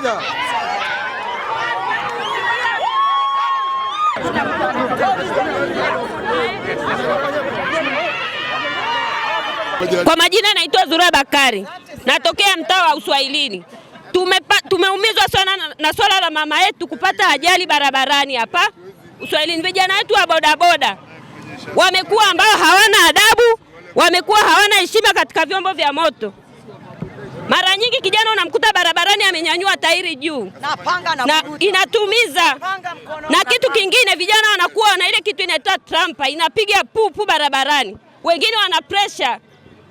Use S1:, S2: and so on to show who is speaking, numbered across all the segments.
S1: moja. Kwa majina naitwa Zura Bakari, natokea mtaa wa Uswahilini. Tumeumizwa sana na swala la mama yetu kupata ajali barabarani hapa Uswahilini. Vijana wetu wa bodaboda wamekuwa ambao hawana adabu, wamekuwa hawana heshima katika vyombo vya moto. Mara nyingi kijana unamkuta barabarani amenyanyua tairi juu na panga na na, inatumiza panga mkono, na kitu kingine vijana wanakuwa na ile kitu inaitwa trampa inapiga pupu barabarani, wengine wana pressure.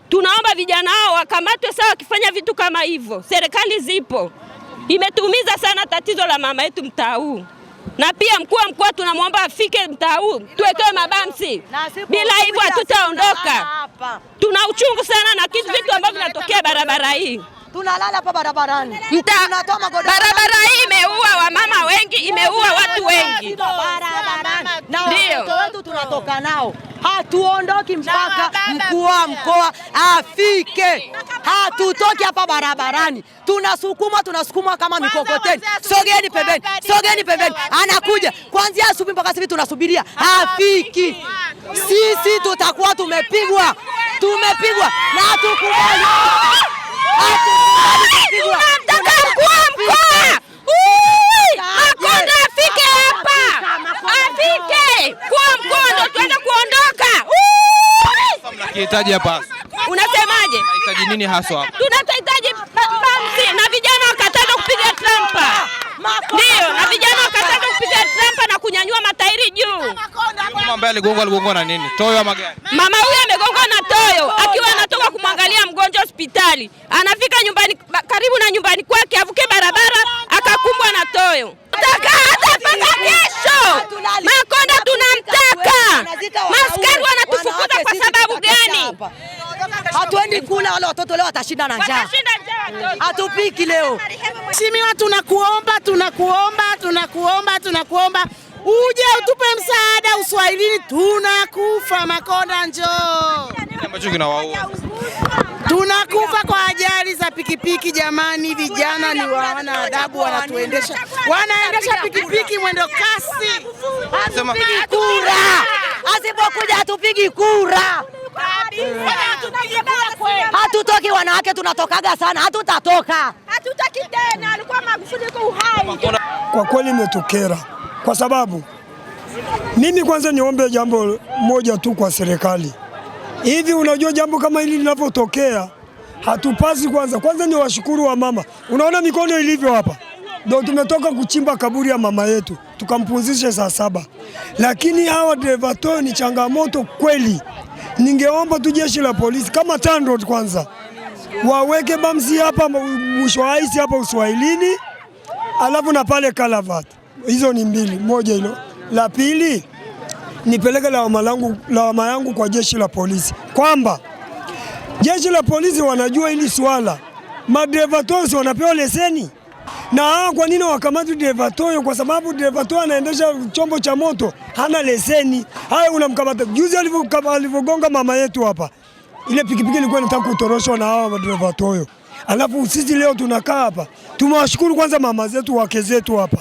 S1: Tunaomba vijana hao wakamatwe sawa, wakifanya vitu kama hivyo. Serikali zipo imetumiza sana tatizo la mama yetu mtaa huu na pia mkuu wa mkoa tunamwomba afike mtaa huu tuwekewe mabamsi, bila hivyo hatutaondoka. Tuna uchungu sana na kitu vitu ambavyo barabara hii tunalala
S2: hapa barabarani, barabara hii imeua wamama wengi, imeua watu wengi, na watoto wetu tunatoka nao. Hatuondoki mpaka mkuu wa mkoa afike. Hatutoki hapa barabarani, tunasukumwa tunasukumwa kama mikokoteni. Sogeni pembeni, sogeni pembeni, anakuja kuanzia asubuhi mpaka sivi, tunasubiria, hafiki. Sisi tutakuwa tumepigwa, tumepigwa na hatukubali. Unamtaka mkuu wa mkoa Makonda afike hapa, afike kwa mkoa ndo tuende kuondoka. Mnakihitaji hapa, unasemaje? Unahitaji
S3: nini haswa hapa?
S2: Tunahitaji pamsi na vijana wakataza kupiga trampa, ndio na vijana wakataza kupiga trampa na kunyanyua matairi juu.
S3: Mama ambaye aligongwa aligongwa na nini? Toyo ama gari? Mama
S2: huyu amegongwa na toyo akiwa na hospitali, anafika nyumbani karibu na nyumbani kwake, avuke barabara akakumbwa na toyo. Tutaka hata mpaka kesho, Makonda tunamtaka. Maskari wanatufukuza kwa sababu gani? Hatuendi kula wale watoto leo watashinda na njaa, hatupiki leo. Mheshimiwa, tunakuomba tunakuomba tunakuomba tunakuomba uje utupe msaada Uswahilini, tunakufa. Makonda njoo. Ambacho
S3: kinawaua Tunakufa
S2: kwa ajali za pikipiki jamani, vijana ni wana adabu, wanatuendesha wanaendesha pikipiki mwendo kasi. Hatupigi kura, asipokuja hatupigi kura, hatutoki. Wanawake tunatokaga sana, hatutatoka, hatutaki tena. Alikuwa Magufuli yuko uhai.
S4: Kwa kweli imetukera kwa sababu mimi kwanza niombe jambo moja tu kwa serikali hivi. Unajua jambo kama hili linavyotokea hatupasi kwanza kwanza ni washukuru wa mama. Unaona mikono ilivyo hapa, ndio tumetoka kuchimba kaburi ya mama yetu tukampumzishe saa saba, lakini hawa dereva toyo ni changamoto kweli. Ningeomba tu jeshi la polisi kama TANROADS kwanza waweke bamsi hapa mwisho aisi hapa Uswahilini, alafu na pale Kalavati. Hizo ni mbili, moja hilo la pili nipeleke lawama langu lawama yangu kwa jeshi la polisi kwamba jeshi la polisi wanajua hili swala, madereva toyo wanapewa leseni na hawa kwa nini wakamati dereva toyo? Kwa sababu dereva toyo anaendesha chombo cha moto hana leseni. Haya, unamkamata juzi alivyogonga mama yetu hapa, ile pikipiki ilikuwa inataka kutoroshwa na hawa madereva toyo, alafu sisi leo tunakaa hapa. Tumewashukuru kwanza mama zetu, wake zetu hapa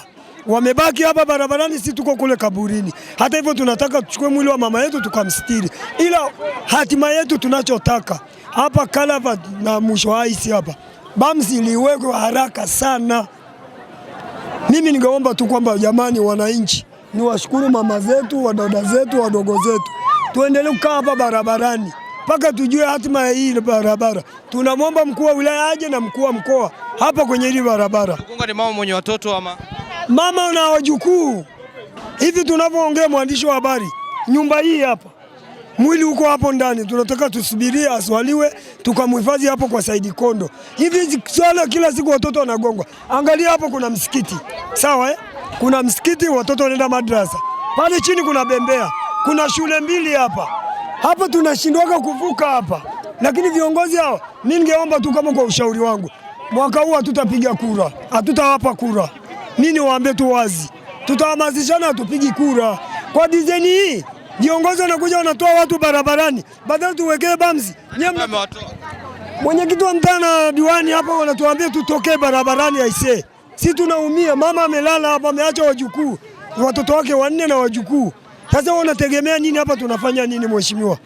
S4: wamebaki hapa barabarani, si tuko kule kaburini. Hata hivyo tunataka tuchukue mwili wa mama yetu tukamstiri, ila hatima yetu tunachotaka hapa Kalava na mwisho haisi hapa bamsi liwekwe haraka sana. Mimi ningeomba tu kwamba jamani, wananchi ni washukuru mama zetu, wadada zetu, wadogo zetu, tuendelee kukaa hapa barabarani mpaka tujue hatima ya hii barabara. Tunamwomba mkuu wa wilaya aje na mkuu wa mkoa hapa kwenye hili barabara. Mkunga ni mama
S3: mwenye watoto ama mama na
S4: wajukuu. Hivi tunavyoongea mwandishi wa habari, nyumba hii hapa, mwili uko hapo ndani, tunataka tusubirie aswaliwe, tukamhifadhi hapo kwa Saidi Kondo. Hivi swala kila siku watoto wanagongwa. Angalia hapo, kuna msikiti sawa, eh? Kuna msikiti, watoto wanaenda madrasa pale chini, kuna bembea, kuna shule mbili hapa hapa, tunashindwaka kuvuka hapa. Lakini viongozi hao, mimi ningeomba tu, kama kwa ushauri wangu, mwaka huu hatutapiga kura, hatutawapa kura mimi niwaambie tu wazi, tutahamasishana, tupigi kura kwa design hii. Viongozi wanakuja wanatoa watu barabarani, badala tuwekee bamzi. Mwenyekiti wa mtaa na diwani hapo wanatuambia tutoke barabarani, aise, si tunaumia. Mama amelala hapa, ameacha wajukuu, watoto wake wanne na wajukuu. Sasa wanategemea nini hapa? Tunafanya nini? Mheshimiwa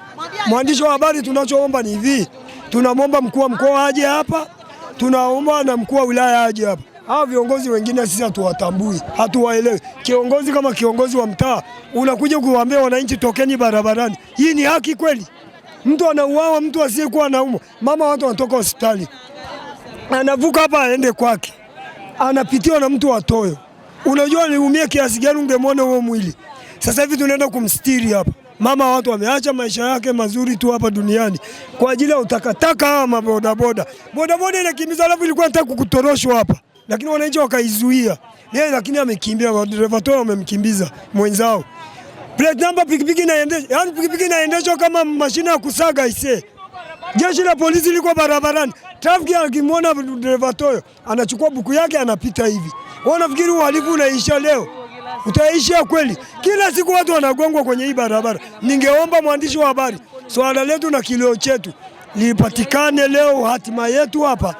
S4: mwandishi wa habari, tunachoomba ni hivi, tunamwomba mkuu wa mkoa aje hapa, tunaomba na mkuu wa wilaya aje hapa hawa viongozi wengine sisi hatuwatambui, hatuwaelewi. Kiongozi kama kiongozi wa mtaa unakuja kuwaambia wananchi tokeni barabarani, hii ni haki kweli? Mtu anauawa, mtu asiyekuwa anaumwa, mama watu wanatoka hospitali, anavuka hapa aende kwake, anapitiwa na mtu watoyo. Unajua niumie kiasi gani? Ungemwona huo mwili. Sasa hivi tunaenda kumstiri hapa mama watu wameacha maisha yake mazuri tu hapa duniani kwa ajili ya utakataka hawa mabodaboda. Bodaboda inakimbiza, alafu ilikuwa nataka kukutoroshwa hapa lakini wananchi wakaizuia yeye, lakini amekimbia, madereva wao wamemkimbiza mwenzao. Plate namba pikipiki inaendeshwa, yani pikipiki inaendeshwa kama mashine ya kusaga ise. Jeshi la polisi liko barabarani, trafiki akimwona dereva toyo anachukua buku yake anapita hivi. Wao nafikiri uhalifu unaisha leo, utaisha kweli? Kila siku watu wanagongwa kwenye hii barabara. Ningeomba mwandishi wa habari, swala letu na kilio chetu lipatikane leo, hatima yetu hapa